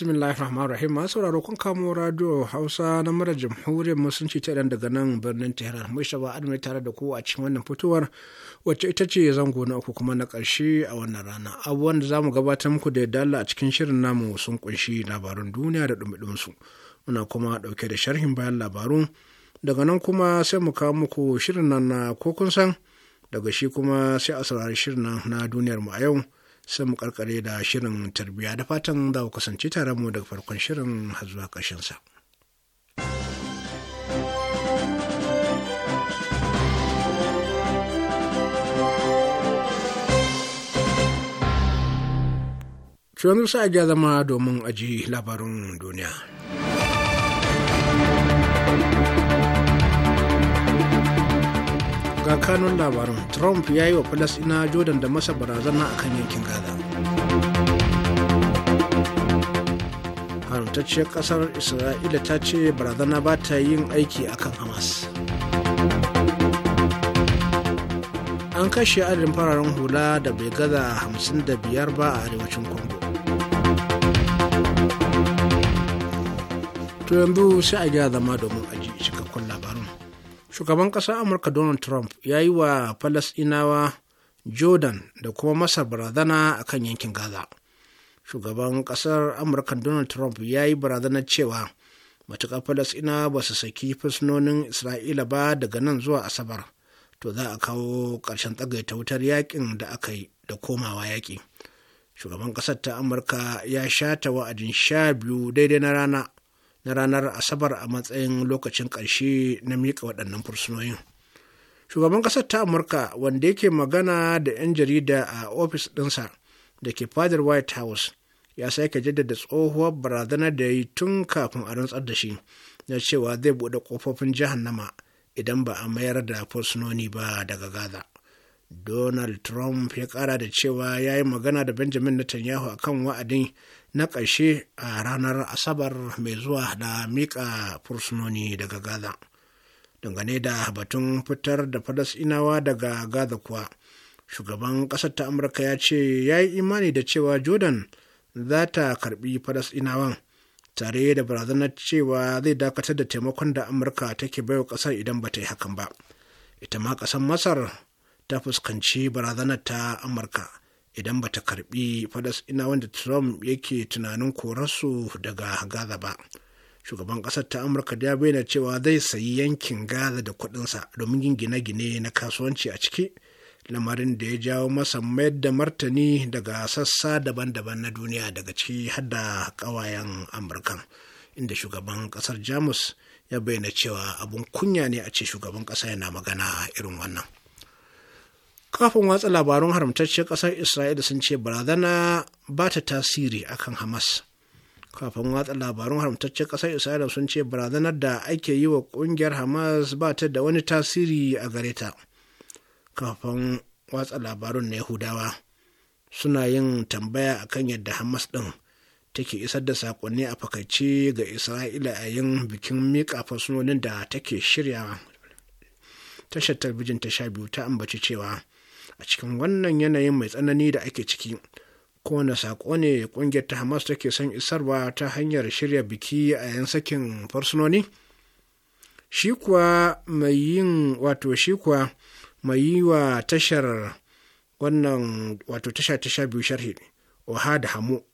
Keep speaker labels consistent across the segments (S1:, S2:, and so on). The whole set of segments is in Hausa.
S1: bismillahir rahmanir rahim masu sauraro kun kamo radio hausa na mara jamhuriyar musulunci ta idan daga nan birnin tehran shaba adamai tare da ku a cikin wannan fitowar wacce ita ce zango na uku kuma na ƙarshe a wannan rana abubuwan da zamu gabatar muku da yadda a cikin shirin namu sun kunshi labarun duniya da dumi su muna kuma dauke da sharhin bayan labaru daga nan kuma sai mu kawo muku shirin nan na ko kun san daga shi kuma sai a saurari shirin nan na duniyar mu a yau sai mu karkare da shirin tarbiyya da fatan za ku kasance tare mu daga farkon shirin har zuwa ƙarshen sa. Shugaban sa ya zama domin aji labarin duniya. ga kanun labarin trump ya yi wa falasina jordan da masa barazana a kan yankin gaza haramtacciyar kasar isra'ila ta ce barazana ba ta yin aiki a kan hamas an kashe adadin fararen hula da bai gaza 55 ba a arewacin congo to yanzu sai a gyara zama domin aji cikakkun labarai shugaban ƙasar amurka donald trump ya yi wa falasɗinawa jordan da kuma masar barazana a kan yankin gaza shugaban ƙasar amurka donald trump ya yi barazanar cewa matuƙar falasɗinawa ba su saki fursunonin isra'ila ba daga nan zuwa asabar to za a kawo ƙarshen tsagaita wutar yakin da aka yi da komawa yaƙi shugaban ƙasar ta amurka ya sha ta wa'adin sha biyu daidai na rana na ranar asabar a matsayin lokacin ƙarshe na miƙa waɗannan fursunoyin shugaban ƙasar ta amurka wanda yake magana da 'yan jarida a ofis ɗinsa da ke fadar white house ya sake jaddada tsohuwar barazanar da ya yi tun kafin a rantsar da shi na cewa zai buɗe ƙofofin jahannama idan ba a mayar da fursunoni ba daga gaza donald trump ya ƙara da cewa ya yi magana da benjamin netanyahu akan wa'adin na ƙarshe a ranar asabar mai zuwa da miƙa fursunoni daga gaza dangane da batun fitar da inawa daga gaza kuwa shugaban ƙasar ta amurka ya ce ya yi imani da cewa jordan za ta karbi inawan tare da barazanar cewa zai dakatar da taimakon da amurka take baiwa ƙasar idan ba ta yi hakan ba ita ma ƙasar masar ta fuskanci barazanar ta amurka idan bata karbi falasɗina wanda trump yake tunanin korarsu daga gaza ba shugaban ƙasar ta amurka ya bayyana cewa zai sayi yankin gaza da kuɗinsa domin yin gine-gine na kasuwanci a ciki lamarin da ya jawo masa mayar da martani daga sassa daban-daban na duniya daga ciki har da ƙawayen amurkan inda shugaban ƙasar jamus ya bayyana cewa abun kunya ne a ce shugaban ƙasa yana magana irin wannan. kafin watsa labarun haramtacciyar ƙasar isra'ila sun ce barazana ba ta tasiri akan hamas kafin watsa labarun haramtacciyar ƙasar isra'ila sun ce barazanar da ake yi wa ƙungiyar hamas ba ta da wani tasiri a gare ta kafin watsa labarun na yahudawa suna yin tambaya akan yadda hamas ɗin take isar da saƙonni a fakaice ga isra'ila a yin bikin miƙa fasunonin da take shirya tashar talbijin ta sha biyu ta ambaci cewa a cikin wannan yanayin mai tsanani da ake ciki kowane saƙo ne ƙungiyar ta hamas take son isarwa ta hanyar shirya biki a yan sakin farsunoni shi kuwa mai yin wato shi kuwa mai yi wa tashar wannan wato tasha tasha biyu sharhi oha da hamu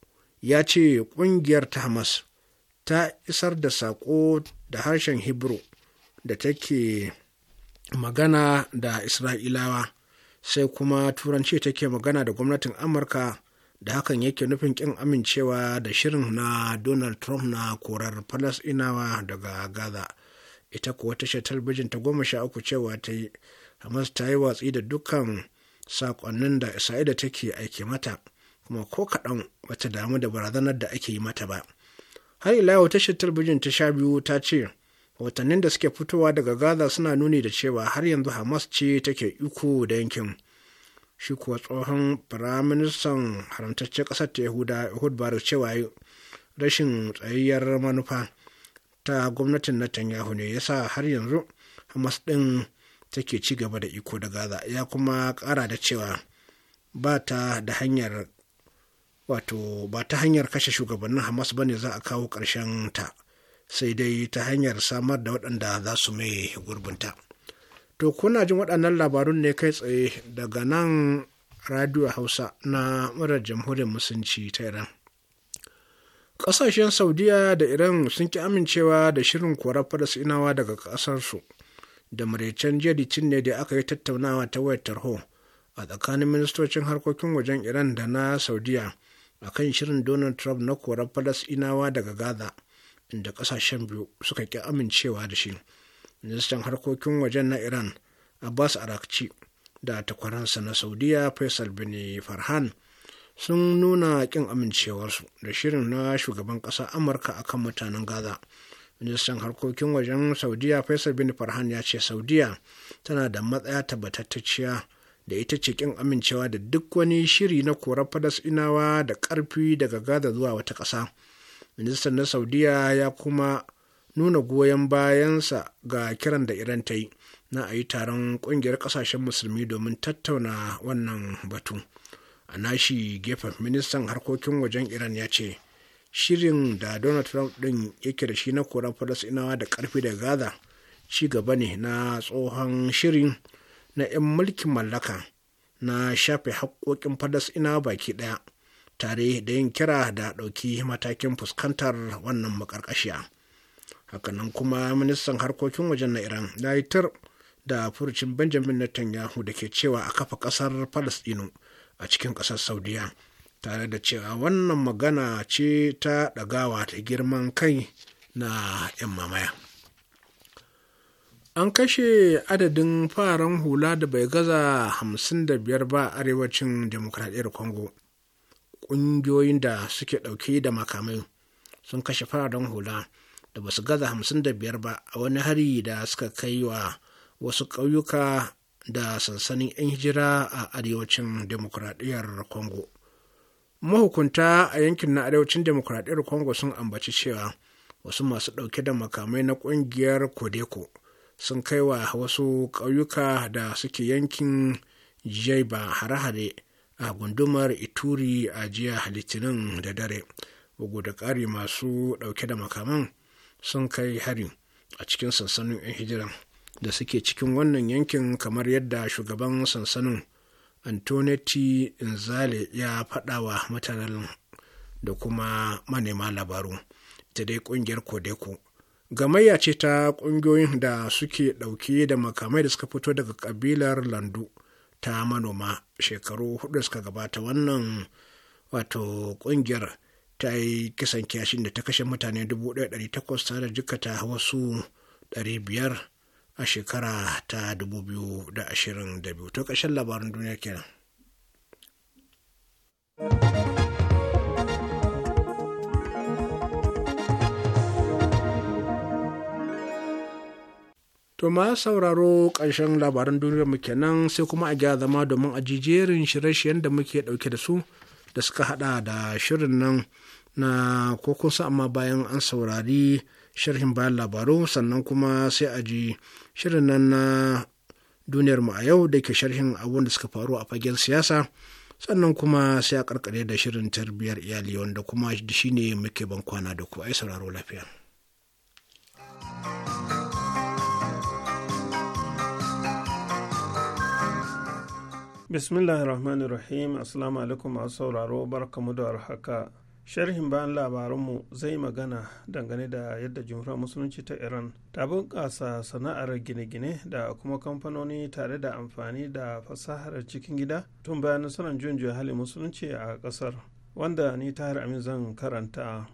S1: ya ce ƙungiyar ta hamas ta isar da saƙo da harshen hebrew da take magana da isra'ilawa sai kuma turanci take magana da gwamnatin amurka da hakan yake nufin kin amincewa da shirin na donald trump na korar falasinawa daga gaza ita kuwa tashar talbijin ta goma sha uku cewa ta yi hamas ta yi watsi da dukkan saƙonnin da isa'ida take aiki mata kuma ko kaɗan bata damu da barazanar da ake yi mata ba har ila yau tashar talbijin ta sha biyu ta ce watannin da suke fitowa daga gaza suna nuni da cewa har yanzu hamas ce take iko da yankin shi kuwa tsohon firaministan haramtaccen kasar ta yahuda ehud barak cewa rashin tsayayyar manufa ta gwamnatin netanyahu ne yasa har yanzu hamas ɗin take ci gaba da iko da gaza ya kuma kara da cewa ba ta da hanyar wato ba ta hanyar kashe shugabannin hamas bane za a kawo ƙarshen ta sai dai ta hanyar samar da waɗanda za su mai gurbinta to kuna jin waɗannan labarun ne kai tsaye daga nan radio hausa na murar jamhuriyar musulunci ta iran ƙasashen saudiya da iran sun ki amincewa da shirin korar inawa daga ƙasarsu da maraicen jiya ne da aka yi tattaunawa ta wayar tarho a tsakanin ministocin harkokin wajen iran da na saudiya a kan shirin donald trump na korar inawa daga gaza da ƙasashen biyu suka ƙi amincewa da shi ministan harkokin wajen na iran abbas arakci da takwaransa na saudiya faisal bin farhan sun nuna ƙin amincewarsu da shirin na shugaban ƙasa amurka a kan mutanen gaza ministan harkokin wajen saudiya faisal bin farhan ya ce saudiya tana da matsaya tabbatacciya da ita ce kin amincewa da duk wani shiri na korar inawa da ƙarfi daga gaza zuwa wata ƙasa ministan na saudiya ya kuma nuna goyon bayansa ga kiran da iran ta yi na a yi taron kungiyar kasashen musulmi domin tattauna wannan batu a nashi gefen ministan harkokin wajen iran ya ce shirin da donald trump din yake da shi na koran falasinawa da karfi da gaza ci gaba ne na tsohon shirin na 'yan mulkin mallaka na shafe haƙoƙin falasinawa baki ɗaya tare da yin kira da ɗauki matakin fuskantar wannan makarkashiya hakanan kuma ministan harkokin wajen na iran ya da furucin benjamin netanyahu da ke cewa a kafa ƙasar palestino a cikin ƙasar saudiya tare da cewa wannan magana ce ta ɗagawa ta girman kai na 'yan mamaya an kashe adadin faran hula da bai gaza 55 ba a arewacin demokradiyyar congo ƙungiyoyin da suke ɗauke da makamai sun kashe fararen hula da basu gaza hamsin da biyar ba a wani hari da suka kai wa wasu ƙauyuka da sansanin 'yan hijira a arewacin Demokuraɗiyar congo mahukunta a yankin na arewacin Demokuraɗiyar congo sun ambaci cewa wasu masu ɗauke da makamai na ƙungiyar kodeko sun kai wa wasu ƙauyuka da suke yankin ba hare-hare a gundumar ituri a jiya litinin da dare bugu da ƙari masu ɗauke da makaman sun kai hari a cikin sansanin 'yan hijira, da suke cikin wannan yankin kamar yadda shugaban sansanin antoneti inzale ya faɗawa mutanen da kuma manema labaru ita dai ƙungiyar kodeko gamayya ce ta ƙungiyoyin da suke ɗauke da makamai da suka fito daga ƙabilar landu ta manoma shekaru hudu suka gabata wannan wato kungiyar ta yi kisan kiyashin da ta kashe mutane 1,800 tare da jikata wasu 500 a shekara ta 2022 to kashin labarin duniya kenan. To ma sauraro karshen labaran duniyar mu kenan sai kuma a gyara zama domin a jijerin shirye-shiryen da muke ɗauke da su da suka haɗa da shirin nan na kokosa amma bayan an saurari sharhin bayan labaru sannan kuma sai a ji shirin nan na duniyar mu a yau da ke sharhin abun da suka faru a fagen siyasa sannan kuma sai a karkare da shirin tarbiyyar iyali wanda kuma shi ne muke ban kwana da ku ai sauraro lafiya.
S2: bismillahir rahmanir rahim assalamu alaikum masu sauraro barkamu da haka sharhin bayan labaranmu zai magana dangane da yadda jumhuriyar musulunci ta iran ta bunƙasa sana'ar gine-gine da kuma kamfanoni tare da amfani da fasahar cikin gida tun bayan nasarar juyin hali musulunci a ƙasar wanda ni tahir amin zan karanta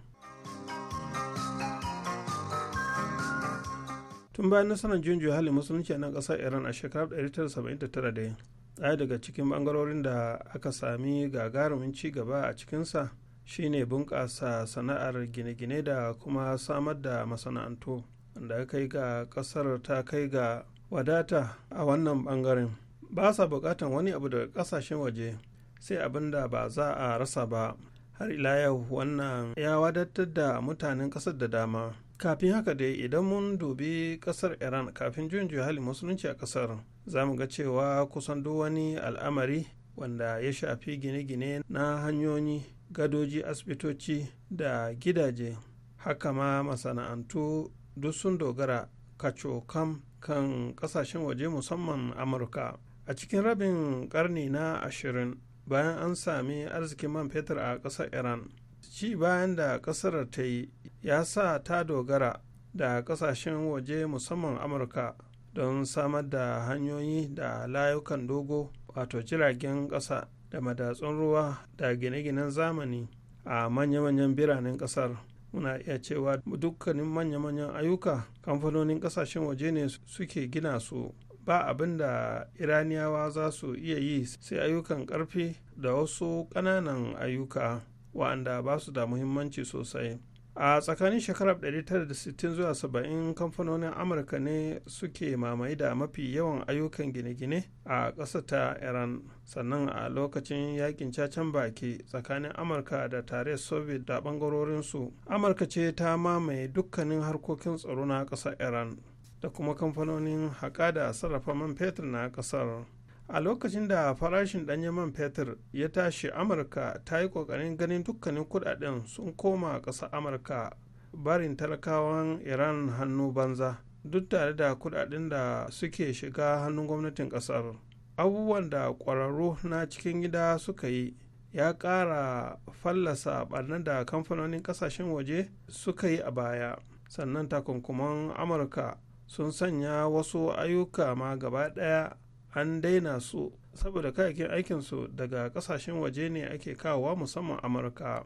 S2: tun bayan nasarar juyin hali musulunci a nan ƙasar iran a shekarar 1979 ɗaya daga cikin bangarorin da aka sami gagarumin ci gaba a cikinsa shine bunƙasa sana'ar gine-gine da kuma samar da masana'antu da kai ga ƙasar ta kai ga wadata a wannan bangaren ba sa buƙatan wani abu daga ƙasashen waje sai abin da ba za a rasa ba har ila yau wannan ya wadatar da mutanen ƙasar da dama kafin haka dai idan mun dubi kasar iran kafin juyin juya hali musulunci a kasar za mu ga cewa kusan duk wani al'amari wanda ya shafi gine-gine na hanyoyi gadoji asibitoci da gidaje haka ma masana'antu duk sun dogara kacokam kan kasashen waje musamman amurka a cikin rabin karni na ashirin bayan an sami arzikin man fetur a kasar iran ci bayan da kasar ta yi ya sa ta dogara da kasashen waje musamman amurka don samar da hanyoyi da layukan dogo wato jiragen ƙasa da madatsun ruwa da gine-ginen zamani a manya-manyan biranen ƙasar muna iya cewa dukkanin manya-manyan ayyuka kamfanonin ƙasashen waje ne suke gina su ba abin da iraniyawa za su iya yi sai ayyukan ƙarfi da wasu ƙananan ayyuka wa'anda ba su da muhimmanci sosai a tsakanin shekarar 1960 zuwa 70 kamfanonin amurka ne suke mamaye da mafi yawan ayyukan gine-gine a ƙasa ta iran sannan a lokacin yakin cacen baki tsakanin amurka da tare soviet da ɓangarorinsu amurka ce ta mamaye dukkanin harkokin tsaro na ƙasa iran da kuma kamfanonin haƙa da sarrafa man fetur na ƙasar a lokacin da farashin ɗanyen man fetur ya tashi amurka ta yi ƙoƙarin ganin dukkanin kudaden sun koma ƙasar amurka barin talakawan iran hannu banza duk tare da kudaden da suke shiga hannun gwamnatin ƙasar abubuwan da ƙwararru na cikin gida suka yi ya ƙara fallasa ɓarnar da kamfanonin ƙasashen waje suka yi a baya sannan takunkuman amurka sun sanya wasu ayyuka ma gaba ɗaya an daina su saboda kayakin aikinsu daga kasashen waje ne ake kawowa musamman amurka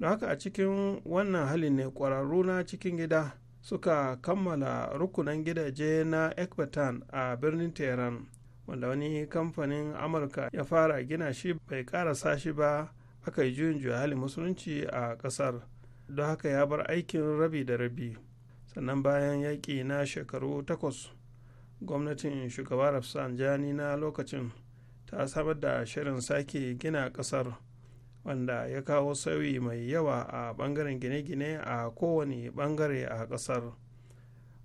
S2: don haka a cikin wannan hali ne kwararru na cikin gida suka kammala rukunan gidaje na ekbatan a birnin tehran wanda wani kamfanin amurka ya fara gina shi bai karasa shi ba aka yi juyin juya hali musulunci a kasar don haka ya bar aikin rabi da rabi sannan bayan yaƙi na shekaru takwas gwamnatin shugaba jani na lokacin ta samar da shirin sake gina kasar wanda ya kawo sauyi mai yawa a bangaren gine-gine a kowane bangare a kasar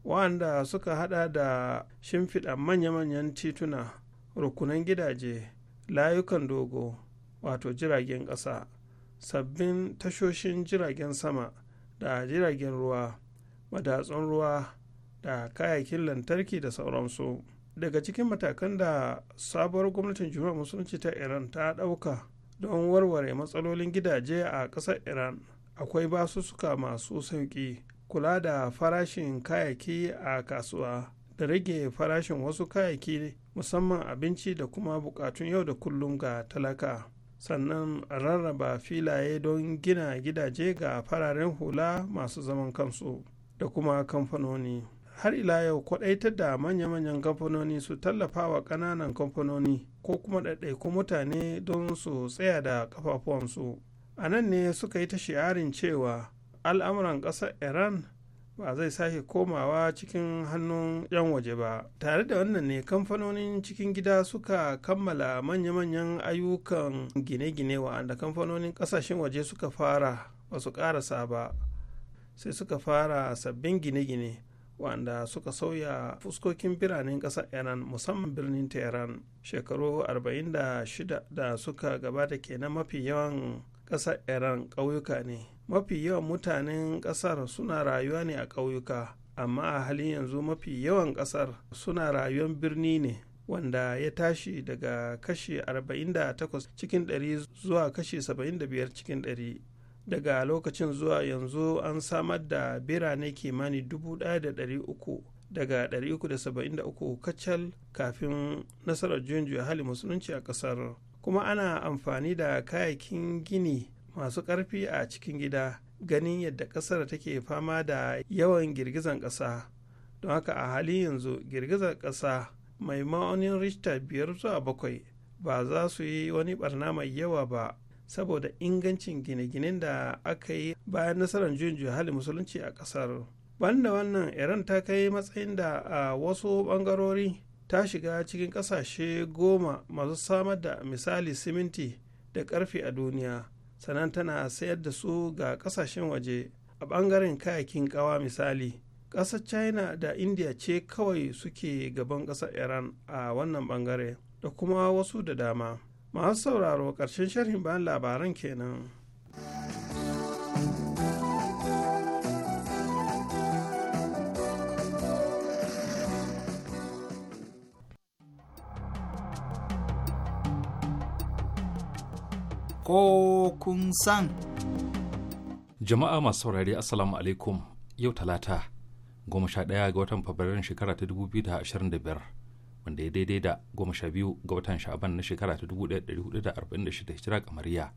S2: wanda suka hada da shimfiɗa manya-manyan tituna rukunan gidaje layukan dogo wato jiragen ƙasa sabbin tashoshin jiragen sama da jiragen ruwa madatsun ruwa da kayayyakin lantarki da sauransu daga cikin matakan da sabuwar gwamnatin jihar musulunci ta iran ta ɗauka don warware matsalolin gidaje a ƙasar iran akwai basussuka masu sauƙi kula da farashin kayayyaki a kasuwa da rage farashin wasu kayayyaki musamman abinci da kuma buƙatun yau da kullum ga talaka sannan rarraba filaye don gina gidaje ga fararen hula masu zaman kansu da kuma kamfanoni. har ila yau kwadaitar da manya-manyan kamfanoni su tallafa wa ƙananan kamfanoni ko kuma ɗaiɗaiku mutane don su tsaya da kafafuwansu a nan ne suka yi ta shi'arin cewa al'amuran ƙasar iran ba zai sake komawa cikin hannun 'yan waje ba tare da wannan ne kamfanonin cikin gida suka kammala manya-manyan ayyukan gine-gine wa'anda kamfanonin ƙasashen waje suka fara ba su ƙarasa ba sai suka fara sabbin gine-gine wanda suka sauya fuskokin biranen ƙasar iran musamman birnin tehran shekaru 46 da suka gabata kenan mafi yawan ƙasar iran ƙauyuka ne mafi yawan mutanen ƙasar suna rayuwa ne a ƙauyuka amma a halin yanzu mafi yawan ƙasar suna rayuwar birni ne wanda ya tashi daga kashi 48 cikin 100 zuwa kashi 75 cikin daga lokacin zuwa yanzu an samar da birane kimani 1,300 daga 373 kacal kafin nasarar juyin juya hali musulunci a kasar kuma ana amfani da kayakin gini masu karfi a cikin gida ganin yadda kasar take fama da yawan girgizan kasa don haka a halin yanzu girgizar kasa mai ma'aunin richter biyar zuwa bakwai ba za su yi wani barna mai yawa ba saboda ingancin gine-ginen da aka yi bayan nasarar juyin juya hali musulunci a kasar. banda wannan iran ta kai matsayin da a wasu bangarori ta shiga cikin kasashe goma masu samar da misali siminti da ƙarfe a duniya sannan tana sayar da su ga kasashen waje a bangaren kayakin kawa misali ƙasar china da india ce kawai suke gaban ƙasar iran a wannan bangare da kuma wasu da dama masu sauraro ƙarshen sharhin bayan labaran kenan.
S3: Ko kun san.
S4: Jama'a masu saurari Assalamu alaikum yau talata goma sha ɗaya ga watan Fabrairun shekara ta da da biyar. wanda ya daidai da goma sha biyu ga watan sha'aban na shekara ta da hijira kamariya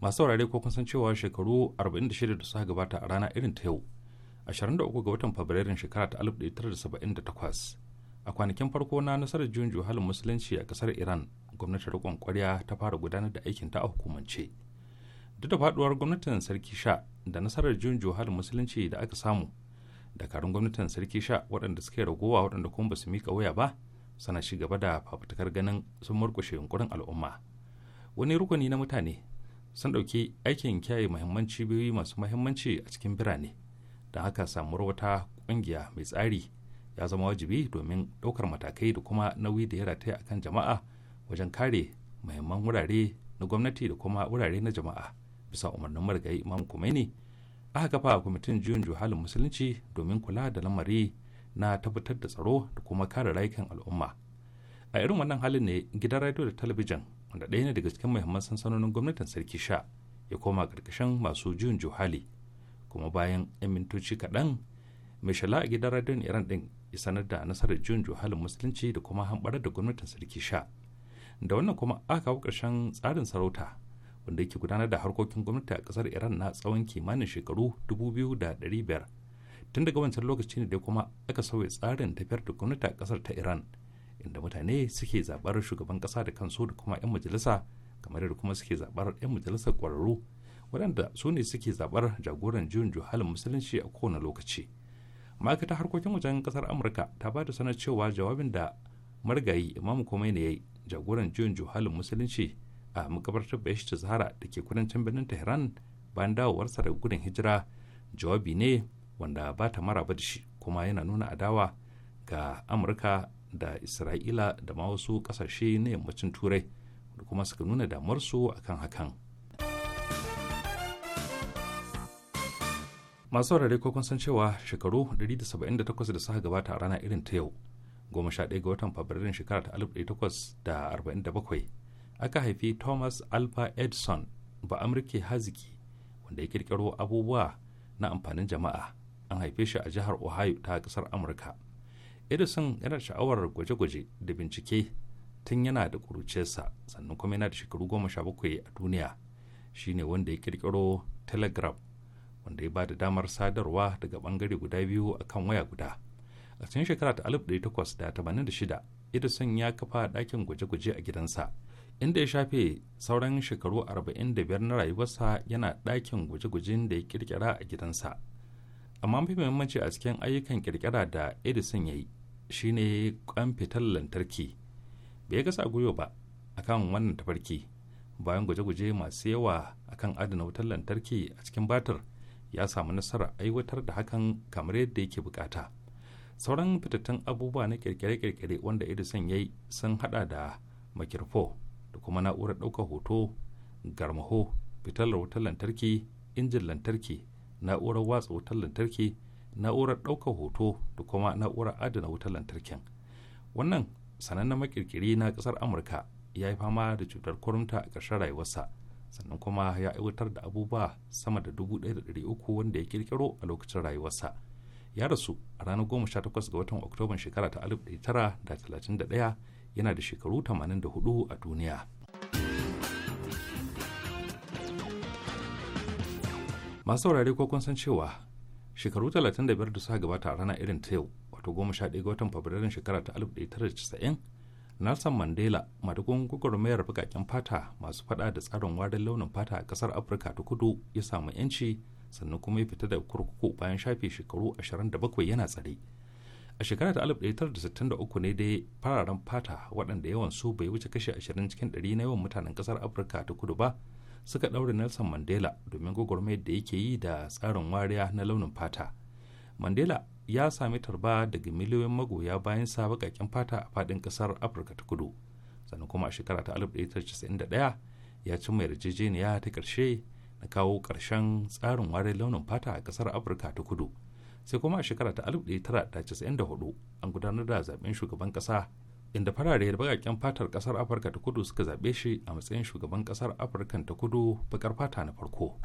S4: masu saurare ko kun san cewa shekaru 46 da suka gabata a rana irin ta yau 23 ga watan fabrairun shekara ta 1978 a kwanakin farko na nasarar juyin juhalin musulunci a kasar iran gwamnatin rikon kwarya ta fara gudanar da aikinta a hukumance duk da faduwar gwamnatin sarki sha da nasarar juyin juhalin musulunci da aka samu dakarun gwamnatin sarki sha waɗanda suka ragowa waɗanda kuma ba su mika waya ba sana shi gaba da fafutukar ganin sun murkushe yunkurin al'umma wani rukuni na mutane sun ɗauki aikin kyaye muhimman cibiyoyi masu muhimmanci a cikin birane don haka samuwar wata ƙungiya mai tsari ya zama wajibi domin ɗaukar matakai da kuma nauyi da ya a kan jama'a wajen kare muhimman wurare na gwamnati da kuma wurare na jama'a bisa umarnin marigayi imam kumaini aka kafa kwamitin juyin juhalin musulunci domin kula da lamari na tabbatar da tsaro da kuma kare rayukan al'umma a irin wannan halin ne gidan radio da talabijin wanda ɗaya ne daga cikin muhimman sansanonin gwamnatin sarki sha ya koma ƙarƙashin masu juyin juhali kuma bayan 'yan mintoci kaɗan mai shala a gidan radiyon iran ɗin ya sanar da nasarar juyin juhalin musulunci da kuma hanɓarar da gwamnatin sarki sha da wannan kuma aka kawo ƙarshen tsarin sarauta wanda yake gudanar da harkokin gwamnati a ƙasar iran na tsawon kimanin shekaru dubu biyu da ɗari biyar. tun daga wancan lokaci ne dai kuma aka sauya tsarin tafiyar da gwamnati a kasar ta iran inda mutane suke zabar shugaban kasa da kansu da kuma 'yan majalisa kamar yadda kuma suke zabar 'yan majalisar kwararru waɗanda su ne suke zabar jagoran juyin juhalin musulunci a kowane lokaci ma'aikatar harkokin wajen kasar amurka ta ba da sanar cewa jawabin da margayi imamu komai ne ya yi jagoran juyin juhalin musulunci a makabartar ta zahara da ke kudancin birnin tehran bayan dawowarsa daga gudun hijira jawabi ne wanda ba ta maraba da shi kuma yana nuna adawa ga amurka da isra'ila da ma wasu kasashe na yammacin turai da kuma suka nuna damarsu a kan hakan masu rarrai ko kun san cewa shekaru 178 da suka gabata a rana irin ta yau 11 ga watan fabrairun shekara ta 1847 aka haifi thomas alba edison ba amurke haziki wanda ya kirkiro abubuwa na amfanin jama'a an haife shi a jihar ohio ta kasar amurka edison yana sha'awar gwaje-gwaje da bincike tun yana da ƙuruciyarsa sannan kuma yana da shekaru goma sha bakwai a duniya shine wanda ya kirkiro telegram wanda ya ba da damar sadarwa daga bangare guda biyu a kan waya guda a cikin shekara ta shida edison ya kafa ɗakin gwaje-gwaje a gidansa inda ya shafe sauran shekaru arba'in da biyar na rayuwarsa yana ɗakin gwaje-gwajen da ya kirkira a gidansa amma mafi muhimmanci a cikin ayyukan kirkira da edison ya yi shine kan fitar lantarki bai gasa gwiwa ba akan wannan tafarki bayan gwaje-gwaje masu yawa akan adana wutar lantarki a cikin batar ya samu nasara aiwatar da hakan kamar yadda yake bukata sauran fitattun abubuwa na kirkire-kirkire wanda edison ya yi sun hada da makirfo da kuma na'urar ɗaukar hoto garmaho fitalar wutar lantarki injin lantarki na'urar watsa wutar lantarki na'urar ɗaukar hoto da kuma na'urar adana wutar lantarkin wannan sanannen makirkiri na ƙasar amurka ya yi fama da cutar kurumta a ƙarshen rayuwarsa sannan kuma ya aiwatar da abubuwa sama da dubu uku wanda ya ƙirƙiro a lokacin rayuwarsa ya rasu a ranar goma sha takwas ga watan oktoban shekara ta da da ɗaya yana da shekaru 84 a duniya. masu saurare ko kun san cewa shekaru 35 da suka gabata a rana irin ta yau wato 11 ga watan fabrairun shekara ta 1990 nelson mandela madugun gwagwarmayar bukaken fata masu fada da tsarin warin launin fata a kasar afirka ta kudu ya samu yanci sannan kuma ya fita da kurkuku bayan shafe shekaru 27 yana tsare a shekara ta 1963 ne dai fararen fata waɗanda yawan su bai wuce kashe 20 cikin 100 na yawan mutanen kasar afirka ta kudu ba suka ɗaure nelson mandela domin gwagwarmayar da yake yi da tsarin wariya na launin fata mandela ya sami tarba daga miliyoyin magoya bayan sa baƙaƙen fata a faɗin kasar afirka ta kudu sannan kuma a shekara ta 1991 ya cimma yarjejeniya ta ƙarshe na kawo ƙarshen tsarin wariyar launin fata a ƙasar afirka ta kudu sai kuma a shekara ta 1994 an gudanar da zaben shugaban ƙasa inda farare da bakaken fatar kasar afirka ta kudu suka zaɓe shi a matsayin shugaban kasar afirka ta kudu bakar fata na farko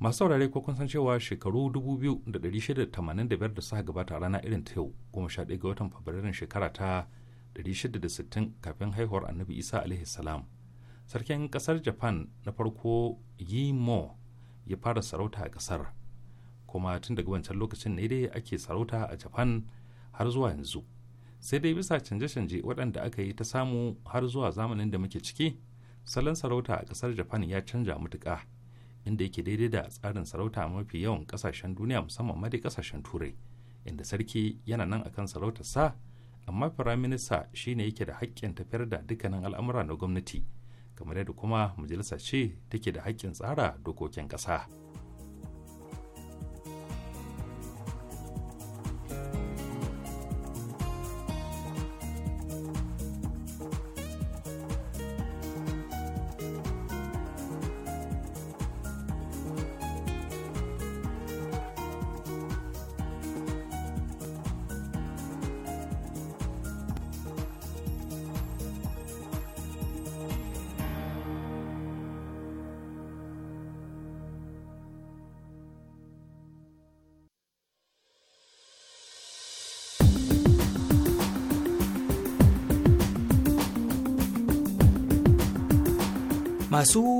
S4: masu saurare ko kun san cewa shekaru 2685 da suka gabata rana irin ta yau goma sha ga watan fabrairun shekara ta 660 kafin haihuwar annabi isa alaihi salam sarkin kasar japan na farko yi mo ya fara sarauta a kasar kuma tun daga wancan lokacin ne dai ake sarauta a japan har zuwa yanzu sai dai bisa canje-canje waɗanda aka yi ta samu har zuwa zamanin da muke ciki salon sarauta a ƙasar japan ya canja matuƙa inda yake daidai da tsarin sarauta mafi yawan ƙasashen duniya musamman ma dai ƙasashen turai inda sarki yana nan akan sarautar sa amma firaminista shine yake da haƙƙin tafiyar da dukkanin al'amura na gwamnati kamar yadda kuma majalisa ce take da haƙƙin tsara dokokin ƙasa.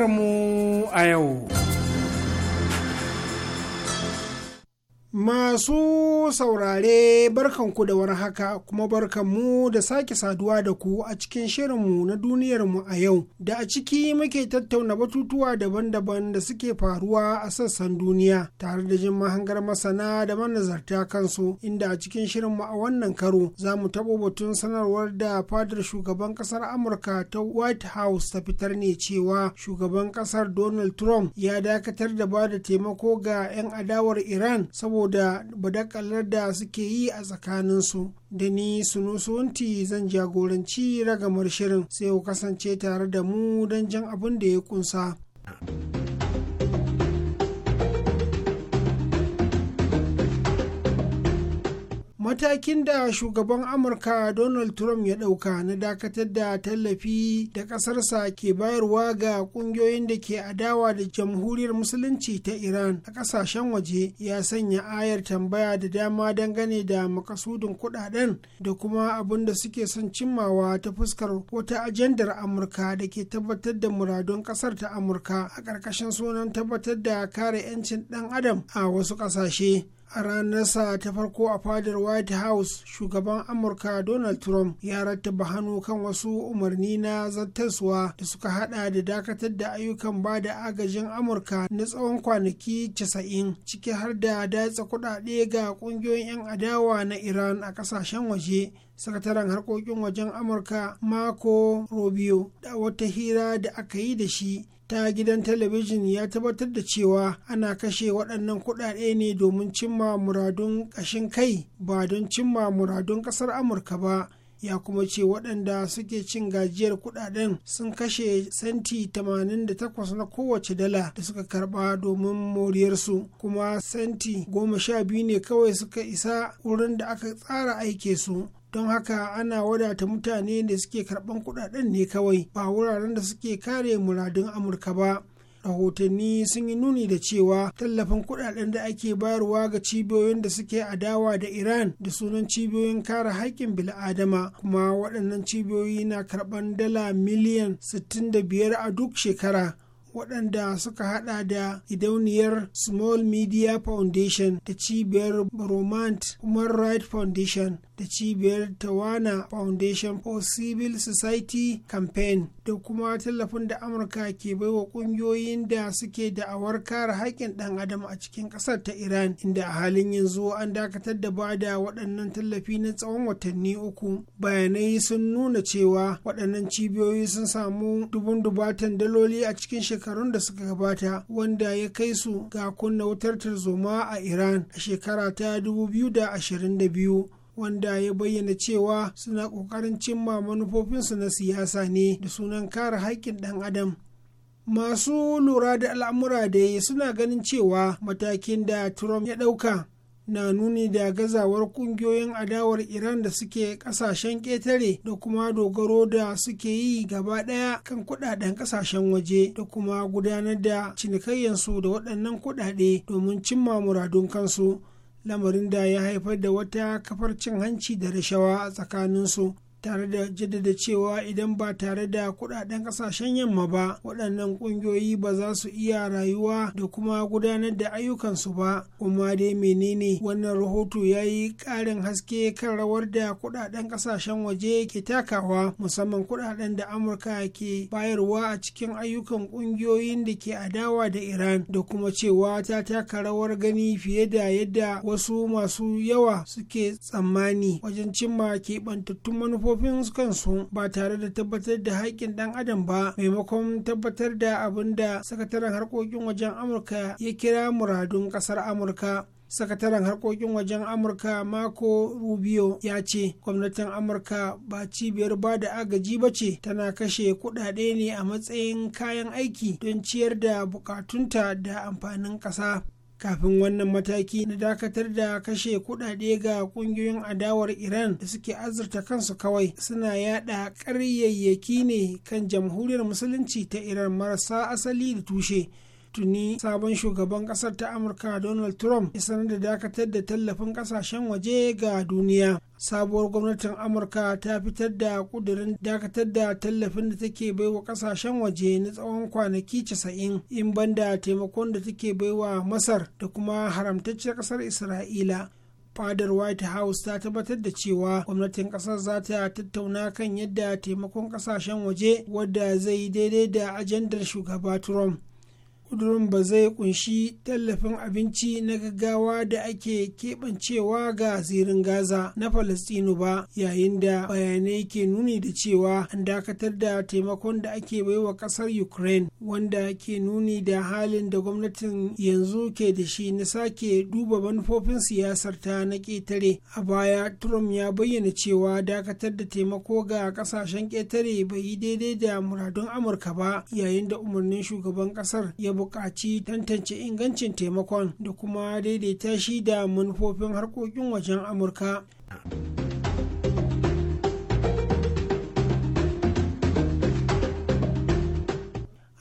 S1: Duniyarmu a yau.
S5: Masu masu saurare barkanku da warhaka kuma barkanmu da sake saduwa da ku a cikin shirinmu na duniyarmu a yau da a ciki muke tattauna batutuwa daban-daban da suke faruwa a sassan duniya tare da jin mahangar masana da manazarta kansu inda a cikin shirinmu a wannan karo za mu taɓo batun sanarwar da fadar shugaban ƙasar amurka ta white house ta fitar ne cewa shugaban ƙasar donald trump ya dakatar da ba da taimako ga 'yan adawar iran saboda badakalar hirar da suke yi a tsakaninsu da ni sunusunti zan jagoranci ragamar shirin sai ku kasance tare da mu don jan abin da ya kunsa. matakin da shugaban amurka donald trump ya dauka na dakatar da tallafi da kasarsa ke bayarwa ga kungiyoyin da ke adawa da jamhuriyar musulunci ta iran a kasashen waje ya sanya ayar tambaya da dama dangane da makasudin kudaden da kuma abin da suke son cimmawa ta fuskar wata ajandar amurka da ke tabbatar da muradun kasar ta amurka a ƙarƙashin sunan tabbatar da kare 'yancin ɗan adam a wasu ƙasashe a ranar sa ta farko a fadar white house shugaban amurka donald trump ya rattaba hannu kan wasu umarni na zartaswa da suka hada da dakatar da ayyukan ba da agajin amurka na tsawon kwanaki 90 ciki har da datsa kudade ga kungiyoyin 'yan adawa na iran a kasashen waje sakataren harkokin wajen amurka marco rubio da wata hira da aka yi da shi ta gidan talabijin ya tabbatar da cewa ana kashe waɗannan kuɗaɗe ne domin cimma muradun ƙashin kai ba don cimma muradun ƙasar amurka ba ya kuma ce waɗanda suke cin gajiyar kuɗaɗen sun kashe senti 88 na kowace dala da suka karɓa domin moriyarsu kuma senti 12 ne kawai suka isa wurin da aka tsara aike su don haka ana wadata mutane da suke karɓar kuɗaɗen ne kawai ba wuraren da suke kare muradun amurka ba rahotanni sun yi nuni da cewa tallafin kuɗaɗen da ake bayarwa ga cibiyoyin da suke adawa da iran da sunan cibiyoyin kare haƙƙin bil'adama kuma waɗannan cibiyoyi na karɓan dala miliyan 65 a duk shekara waɗanda suka hada da gidauniyar small media foundation da cibiyar bromant human rights foundation da cibiyar tawana foundation for civil society campaign da kuma tallafin da amurka ke baiwa kungiyoyin da suke da'awar kare haƙƙin ɗan adam a cikin ƙasar ta iran inda a halin yanzu an dakatar da ba da waɗannan tallafi na tsawon watanni uku bayanai sun nuna cewa waɗannan cibiyoyi sun samu dubun dubatan daloli a cikin shekarun da suka gabata wanda ya kai su ga kunna wutar tarzoma a iran a shekara ta 2022 wanda ya bayyana cewa suna ƙoƙarin cimma manufofinsu na siyasa ne da sunan kare haƙƙin ɗan adam masu lura da al'amura da suna ganin cewa matakin da trump ya ɗauka na nuni da gazawar ƙungiyoyin adawar iran da suke ƙasashen ƙetare da kuma dogaro da suke yi gaba ɗaya kan kuɗaɗen ƙasashen waje da kuma gudanar da cinikayyansu da waɗannan kuɗaɗe domin cimma muradun kansu lamarin da ya haifar da wata kafar cin hanci da rashawa a tsakaninsu tare da jaddada cewa idan ba tare da kudaden kasashen yamma ba waɗannan ƙungiyoyi ba za su iya rayuwa da kuma gudanar da ayyukansu ba kuma dai menene wannan rahoto ya yi ƙarin haske kan rawar da kudaden kasashen waje ke takawa musamman kudaden da amurka ke bayarwa a cikin ayyukan ƙungiyoyin da ke adawa da iran da kuma cewa ta taka rawar gani fiye da yadda wasu masu yawa suke tsammani wajen cimma keɓantattun manufofi kofin kansu ba tare da tabbatar da haƙƙin ɗan adam ba maimakon tabbatar da abin da sakataren harkokin wajen amurka ya kira muradun ƙasar amurka sakataren harkokin wajen amurka mako rubio ya ce gwamnatin amurka ba cibiyar ba da agaji ba ce tana kashe kudade ne a matsayin kayan aiki don ciyar da bukatunta da amfanin ƙasa kafin wannan mataki na dakatar da kashe kudade ga kungiyoyin adawar iran da suke azurta kansu kawai suna yada karyayyaki ne kan jamhuriyar musulunci ta iran marasa asali da tushe tuni sabon shugaban kasar ta amurka donald trump ya sanar da dakatar da tallafin kasashen waje ga duniya sabuwar gwamnatin amurka ta fitar da kudirin dakatar da tallafin da take baiwa kasashen waje na tsawon kwanaki 90 in banda taimakon da take baiwa masar da kuma haramtacciyar kasar isra'ila fadar white house ta tabbatar da cewa gwamnatin kasar za ta tattauna kan yadda taimakon kasashen waje wadda zai daidai da ajandar shugaba trump ƙudurin ba zai kunshi tallafin abinci na gaggawa da ake keɓancewa ga zirin gaza na falastinu ba yayin da bayanai ke nuni da cewa an dakatar da taimakon da ake baiwa ƙasar ukraine wanda ke nuni da halin da gwamnatin yanzu ke da shi na sake duba manufofin siyasar ta na ƙetare a baya trump ya bayyana cewa dakatar da taimako ga ƙasashen ƙetare bai yi daidai da muradun amurka ba yayin da umarnin shugaban ƙasar ya buƙaci tantance ingancin taimakon da kuma daidaita shi da manufofin harkokin wajen amurka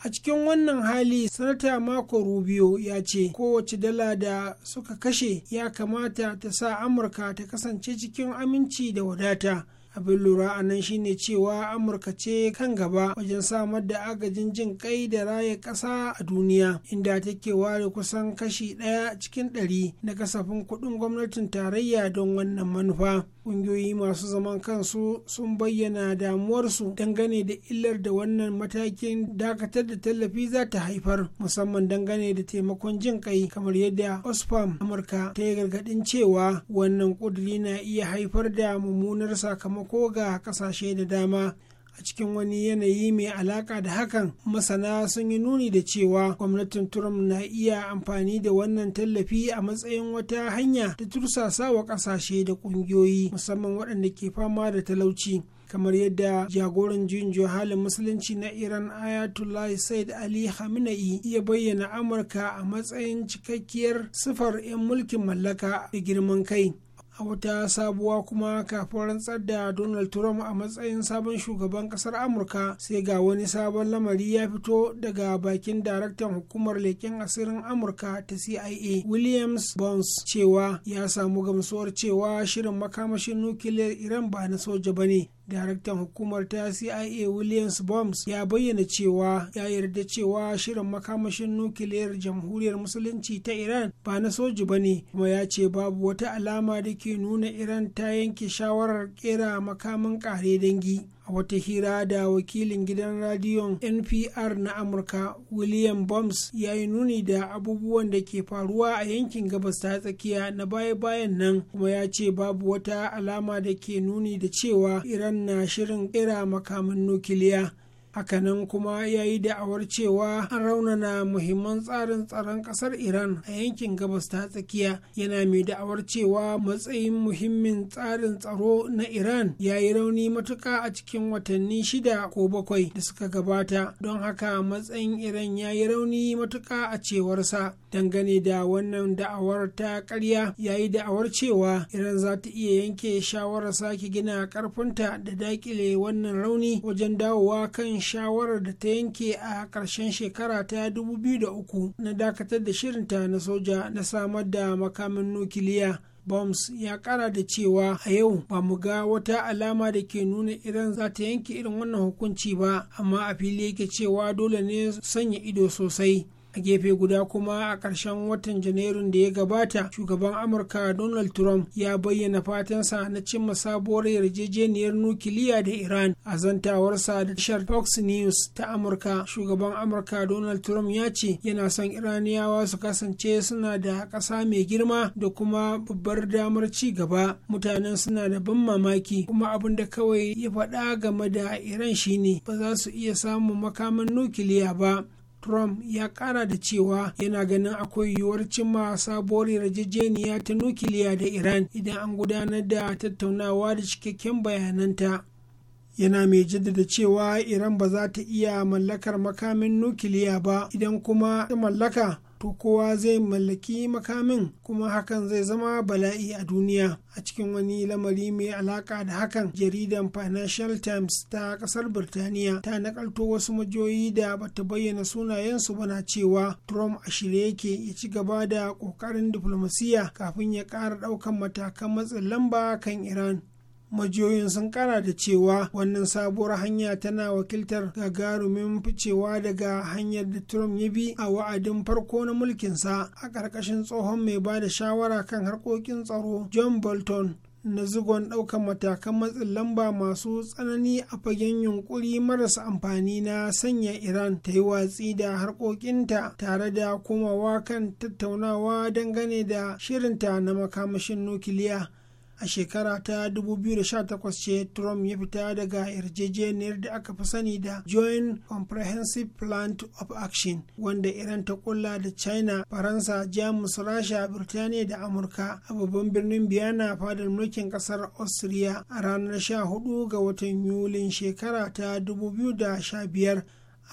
S5: a cikin wannan hali sanata mako rubio ya ce kowace dala da suka kashe ya kamata ta sa amurka ta kasance cikin aminci da wadata abin lura a nan shine cewa amurka ce kan gaba wajen samar da agajin jin kai da raye ƙasa a duniya inda take ware kusan kashi ɗaya cikin ɗari na kasafin kuɗin gwamnatin tarayya don wannan manufa Ƙungiyoyi masu zaman kansu sun bayyana damuwarsu dangane da illar da wannan matakin dakatar da tallafi za ta haifar musamman dangane da taimakon jin kai kamar yadda Osfam Amurka ta yi gargaɗin cewa wannan ƙuduri na iya haifar da mummunar sakamako ga ƙasashe da dama. a cikin wani yanayi mai alaka da hakan masana sun yi nuni da cewa gwamnatin trump na iya amfani da wannan tallafi a matsayin wata hanya ta tursasa wa kasashe da kungiyoyi musamman waɗanda ke fama da talauci kamar yadda jagoran juyin halin musulunci na iran ayatollah said ali hamina'i ya bayyana amurka a matsayin cikakkiyar sifar 'yan mulkin mallaka da girman kai a wata sabuwa kuma kafin rantsar da donald trump a matsayin sabon shugaban kasar amurka sai ga wani sabon lamari ya fito daga bakin daraktan hukumar leƙen asirin amurka ta cia williams bones cewa ya samu gamsuwar cewa shirin makamashin nukiliyar iran ba na soja ba ne daraktan hukumar ta cia williams bombs ya bayyana cewa ya yarda cewa shirin makamashin nukiliyar jamhuriyar musulunci ta iran ba na soji ba ne kuma ya ce babu wata alama da ke nuna iran ta yanke shawarar kera makamin kare dangi wata hira da wakilin gidan radiyon npr na amurka william bombs ya yi nuni da abubuwan da ke faruwa a yankin gabas ta tsakiya na baya-bayan nan kuma ya ce babu wata alama da ke nuni da cewa iran na shirin kera makaman nukiliya hakanan kuma ya yi da'awar cewa an raunana muhimman tsarin tsaron kasar iran a yankin gabas ta tsakiya yana mai da'awar cewa matsayin muhimmin tsarin tsaro na iran ya yi rauni matuka a cikin watanni shida ko bakwai da suka gabata don haka matsayin iran ya yi rauni matuka a cewarsa dangane da wannan da'awar ta karya ya yi da'awar cewa iran za ta iya yanke shawarar sake gina karfinta da dakile wannan rauni wajen dawowa kan shawarar da ta yanke a ƙarshen shekara ta 2003 na dakatar da shirinta na soja na samar da makamin nukiliya bombs ya kara da cewa a yau ba mu ga wata alama da ke nuna iran za ta yanke irin wannan hukunci ba amma a fili yake cewa dole ne sanya ido sosai a gefe guda kuma a ƙarshen watan janairun da ya gabata shugaban amurka donald trump ya bayyana fatansa na cimma sabuwar yarjejeniyar nukiliya da iran a zantawarsa da tashar fox news ta amurka shugaban amurka donald trump ya ce yana son iraniyawa su kasance suna da ƙasa mai girma da kuma babbar damar ci gaba mutanen suna da ban mamaki kuma abin da kawai ya faɗa game da iran shine ba za su iya samun makaman nukiliya ba Trump ya kara da cewa yana ganin akwai yiwuwar cimma sabuwar yarjejeniya ta nukiliya da Iran idan an gudanar da tattaunawa da cikakken bayananta. Yana mai jaddada cewa Iran ba za ta iya mallakar makamin nukiliya ba idan kuma ta mallaka to kowa zai mallaki makamin kuma hakan zai zama bala'i a duniya a cikin wani lamari mai alaka da hakan jaridan financial times ta kasar birtaniya ta nakalto wasu majoyi da bata bayyana sunayensu bana cewa trump a shirye yake ya ci gaba da kokarin diflomasiya kafin ya ƙara daukan matakan matsin lamba kan iran majiyoyin sun kara da cewa wannan sabuwar hanya tana wakiltar gagarumin ficewa daga hanyar da trump ya bi a wa'adin farko na mulkinsa a ƙarƙashin tsohon mai ba da shawara kan harkokin tsaro john bolton na zugon ɗaukan matakan matsin lamba masu tsanani a fagen yunkuri marasa amfani na sanya iran ta yi watsi da harkokinta tare da komawa kan tattaunawa dangane da shirinta na makamashin nukiliya a shekara ta 2018 ce trump ya fita daga yarjejeniyar da aka fi sani da joint comprehensive plan of action wanda iran ta kulla da china faransa jamus rasha birtaniya da amurka a babban birnin biyana fadar mulkin kasar austria a ranar 14 ga watan yulin shekara ta 2015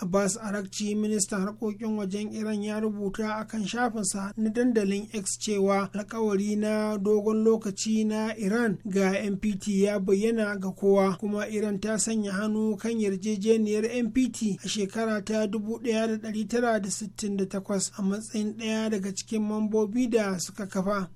S5: Abbas Arakci ministan harkokin wajen Iran ya rubuta a kan shafinsa na dandalin X cewa alkawari na dogon lokaci na Iran ga NPT ya bayyana ga kowa kuma Iran ta sanya hannu kan yarjejeniyar NPT a shekara ta 1968 a matsayin ɗaya daga cikin mambobi da suka kafa.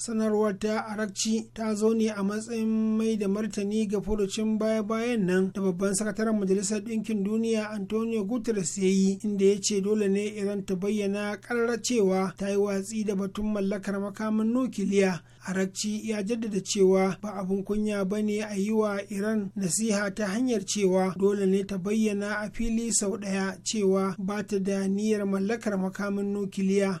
S5: sanarwar ta arakci ta zo ne a matsayin mai da martani ga furucin baya-bayan nan da babban sakataren majalisar ɗinkin duniya antonio guterres ya yi inda ya ce dole ne iran ta bayyana ƙarar cewa ta yi watsi da batun mallakar makamin nukiliya arakci ya jaddada cewa ba abin kunya ba ne a yi wa iran nasiha ta hanyar cewa dole ne ta bayyana a fili sau ɗaya cewa ba ta da niyyar mallakar makamin nukiliya.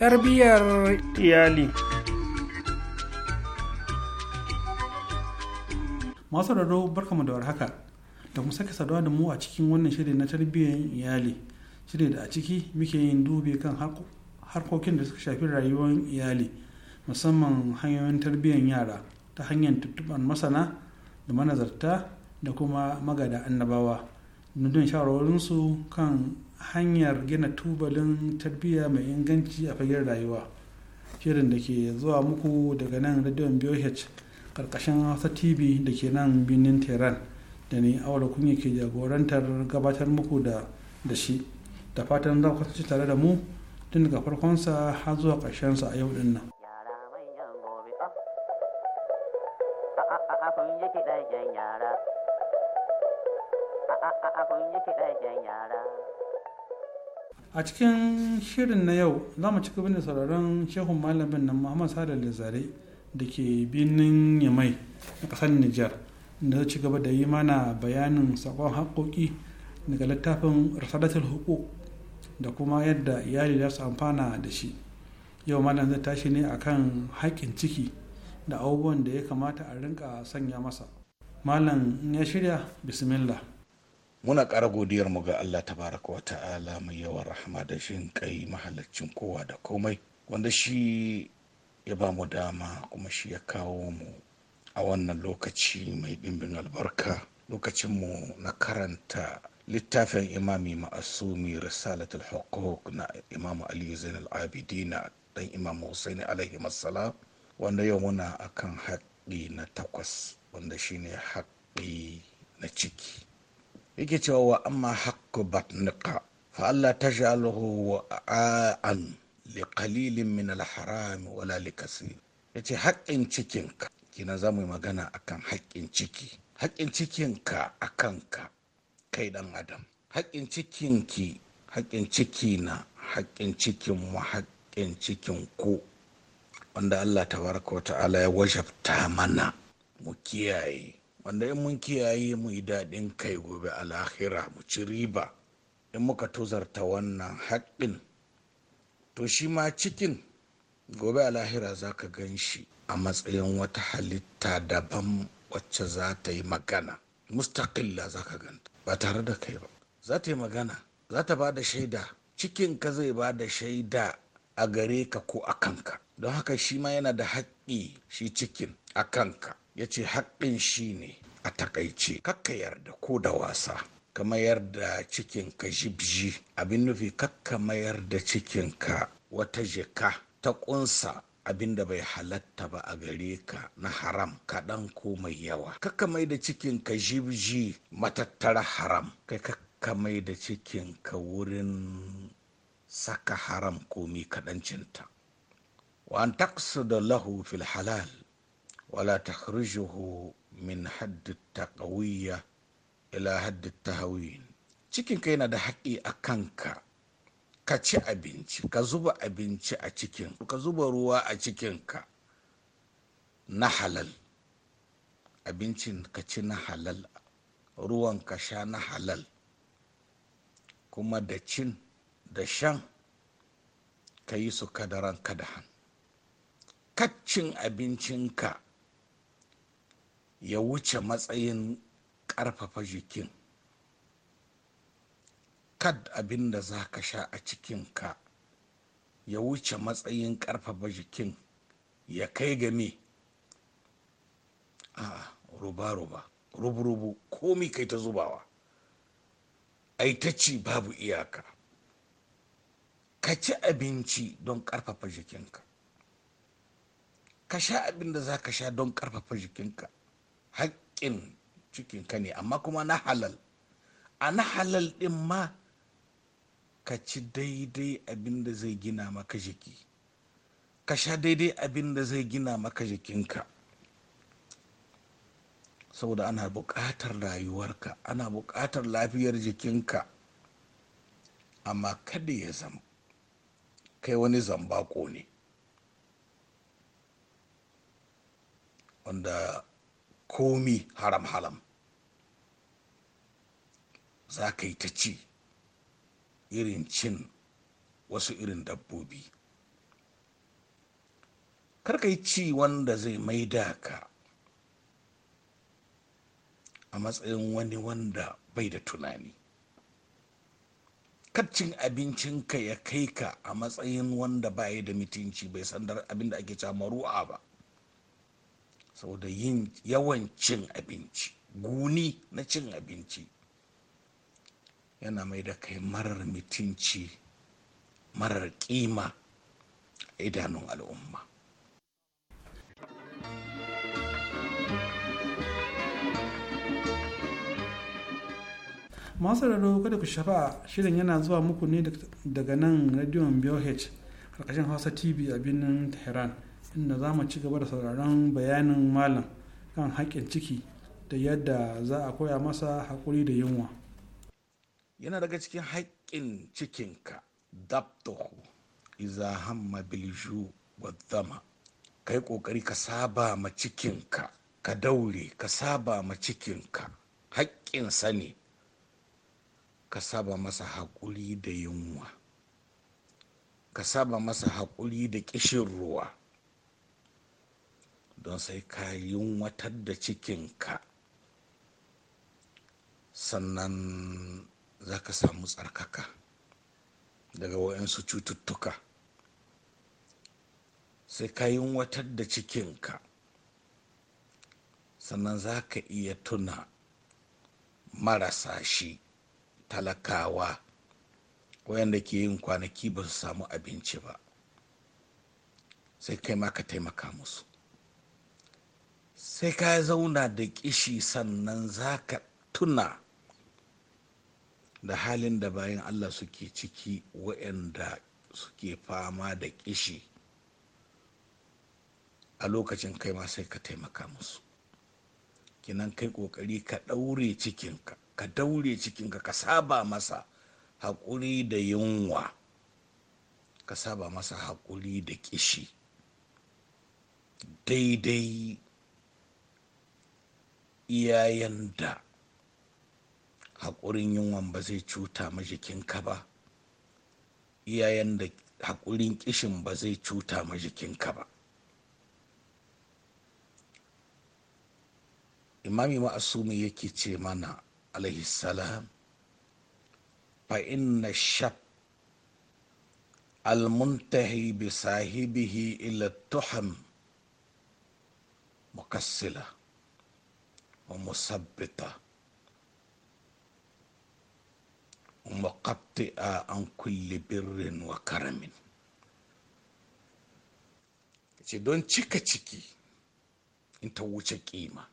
S6: tarbiyyar iyali masu raro barkamu da warhaka da mu sake saduwa da mu a cikin wannan shirin na tarbiyyar iyali shirin da a ciki muke yin dubi kan harkokin da suka shafi rayuwar iyali musamman hanyoyin tarbiyyar yara ta hanyar tuttuban masana da manazarta da kuma magada annabawa nudin shawarwarinsu kan hanyar gina tubalin tarbiyya mai inganci a fagen rayuwa shirin da ke zuwa muku daga nan radiyon BOH karkashin hausa tv da ke nan birnin tehran da ni awala kunya ke jagorantar gabatar muku da da shi da fatan za ku tare da mu tun daga farkonsa har zuwa ƙarshensa a yau din yara a cikin shirin na yau za mu ci gaba da sauraron shehun malamin nan muhammad sada lizare da ke birnin yamai na kasar nijar da zai ci gaba da yi mana bayanin sakon haƙoƙi daga littafin rasadatul huku da kuma yadda iyali za su amfana da shi yau malam zai tashi ne akan haƙƙin ciki da abubuwan da ya kamata a rinka sanya masa malam ya shirya bismillah
S7: muna ƙara godiyar mu ga Allah tabaraka wa ta'ala mai yawan rahama da shin kai mahalaccin kowa da komai wanda shi ya ba mu dama kuma shi ya kawo mu a wannan lokaci mai bimbin albarka lokacin mu na karanta littafin imami ma'asumi risalatul hukuk na imamu aliyu zainal abidina dan imamu husaini alaihi masala wanda yau muna akan haƙƙi na takwas wanda shine haƙƙi na ciki yake cewa wa amma haqqu batnika fa Allah taj'aluhu wa'an li qalilin min al-haram wala li Ya yace haƙƙin cikinka kina za mu yi magana akan haƙƙin ciki haƙƙin cikinka a kanka kai ɗan adam haƙƙin cikinki haƙƙin ciki na haƙƙin cikin mu haƙƙin cikin ku wanda Allah tabaraka wa ta'ala ya wajabta mana mu kiyaye wanda in mun kiyaye mu yi daɗin kai gobe alahira mu ci riba in muka tuzarta wannan haƙƙin to shi ma cikin gobe alahira za ka gan shi a matsayin wata halitta daban wacce za ta yi magana mustaƙilla za ka ganta ba tare da kai ba za ta yi magana za ta ba da shaida cikin ka zai ba da shaida a gare ka ko a kanka don haka shi ma yana da haƙƙi shi cikin a kanka ya ce haƙƙin shi ne a takaice kakka yarda ko da wasa ka mayar da cikinka jibji abin nufi kakka mayar da cikinka wata jika ta ƙunsa abin da bai halatta ba a gare ka na haram kaɗan ko mai yawa kakka mai da cikinka jibji matattara haram kai kakka mai da cikinka wurin saka haram komi kaɗancinta wa an taksu da lahu fil halal wala takhrijuhu min haddi taqawiyya ila haddi tahawin cikin ka yana da haƙƙi a kanka ka ci abinci ka zuba abinci a cikin ka zuba ruwa a cikinka na halal abincin ka ci na halal ruwan ka sha na halal kuma da cin da shan ka yi su kadaran kadahan kaccin abincinka ya wuce matsayin ƙarfafa jikin kad abin da za ka sha a cikinka ya wuce matsayin ƙarfafa jikin ya kai game a ruba-ruba rubu-rubu komi kai ta zubawa aitaci babu iyaka ka ci abinci don ƙarfafa jikinka ka sha abin da za ka sha don ƙarfafa jikinka haƙƙin cikinka ne amma kuma na halal a na halal ɗin ma ka ci daidai abin da zai gina maka jiki ka sha daidai abin da zai gina maka jikinka saboda ana buƙatar rayuwarka ana buƙatar lafiyar jikinka amma kada ya zama kai wani zambako ne wanda komi haram haram za ka yi ta ci irin cin wasu irin dabbobi karka yi ci wanda zai maida ka a matsayin wani wanda bai da tunani kaccin abincinka ya kai ka a matsayin wanda bai da mutunci bai san abin da ake cewa maru'a ba saboda yin yawan cin abinci guni na cin abinci yana mai da kai marar mutunci marar kima a idanun al'umma
S6: masu raro kada ku shafa shirin yana zuwa muku ne daga nan radiyon BOH karkashin hausa tv a birnin tehran inda za mu ci gaba da sauraron bayanin malam kan haƙƙin ciki da yadda za a koya masa haƙuri da yunwa
S7: yana daga cikin haƙƙin cikinka dabtahu iza hamma bilju wa zama ka yi ƙoƙari ka saba ma cikinka ka daure ka saba ma cikinka haƙƙinsa ne ka saba masa haƙuri da yunwa ka saba masa haƙuri da ƙishin ruwa don sai ka yunwatar da cikinka sannan za ka samu tsarkaka daga waɗansu cututtuka sai ka yunwatar da cikinka sannan za ka iya tuna marasa shi talakawa wayanda ke yin kwanaki ba su samu abinci ba sai kai ma ka taimaka musu sai ka zauna da kishi sannan za ka tuna da halin da bayan allah suke ciki waɗanda suke fama da kishi a lokacin kai ma sai ka taimaka musu kinan kai ƙoƙari ka daure cikinka ka daure cikinka ka saba masa haƙuri da yunwa ka saba masa haƙuri da kishi daidai iyayen da haƙurin yunwan ba zai cuta ma jikinka ba iyayen da haƙurin ƙishin ba zai cuta ma jikinka ba imami ma'asumi yake ce mana alaihissalam salam fa inna shab المنتهي بصاحبه ila التحم mukassila ومثبطة ومقطئة عن كل بر وكرم ce don cika ciki in ta wuce kima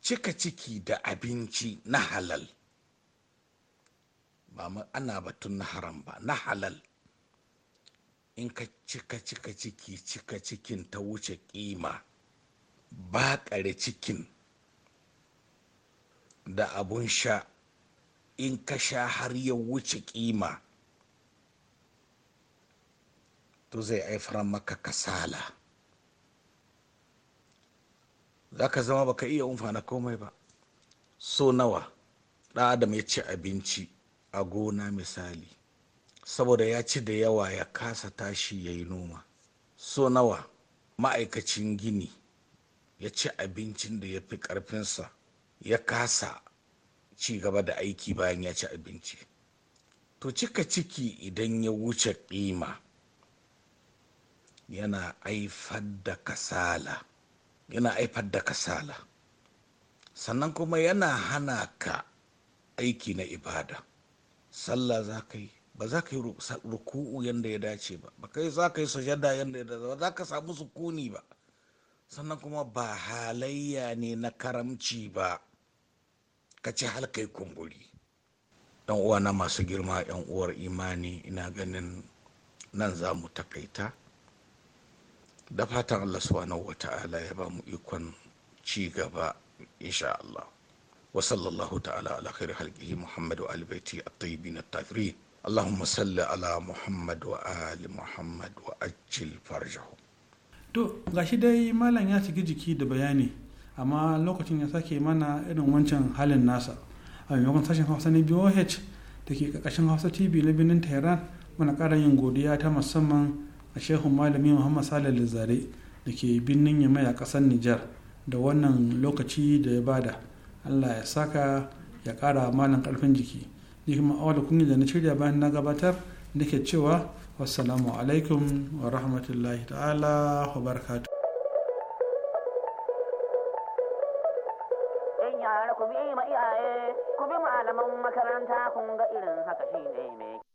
S7: cika ciki da abinci na halal ba ana batun na haram ba na halal in ka cika cika ciki cika cikin ta wuce kima bakare cikin da abun sha in ka sha har ya wuce kima to zai haifar maka kasala za ka zama baka iya umfana komai ba so nawa adam ya ci abinci a gona misali saboda ya ci da yawa ya kasa tashi ya yi noma so nawa ma'aikacin gini ya ci abincin da ya fi ƙarfinsa ya kasa ci gaba da aiki bayan ya ci abinci to cika ciki idan ya wuce ƙima yana haifar da kasala yana haifar da kasala sannan kuma yana hana ka aiki na ibada sallah za ka yi ba za ka yi ruku'u yadda ya dace ba ba kai za ka yi sujada yadda ya dace ba za ka samu sukuni ba sannan kuma ba halayya ne na karamci ba ka ci halkai kumburi Ɗan uwa masu girma yan uwar imani ina ganin nan za mu takaita da fatan allah subhanahu wa ta'ala ya ba mu ikon ci gaba insha allah wa sallallahu ta'ala ala khairi muhammadu muhammad wa albayti na tayyibin Allahumma salli ala Muhammad wa Ali Muhammad wa ajil farjahu
S6: to gashi dai malam ya shiga jiki da bayani amma lokacin ya sake mana irin wancan halin nasa a maimakon sashen hausa na boh da ke ƙarƙashin hausa tv na birnin tehran muna ƙara yin godiya ta musamman a shehun malami muhammad salih lizare da ke birnin yamai a ƙasar nijar da wannan lokaci da ya bada allah ya saka ya ƙara malam ƙarfin jiki ni kuma da kunni da na shirya bayan na gabatar da ke cewa wassalamu alaikum wa rahmatullahi ta'ala wa barakatu
S8: ku bi malaman makaranta kun ga irin haka shine mai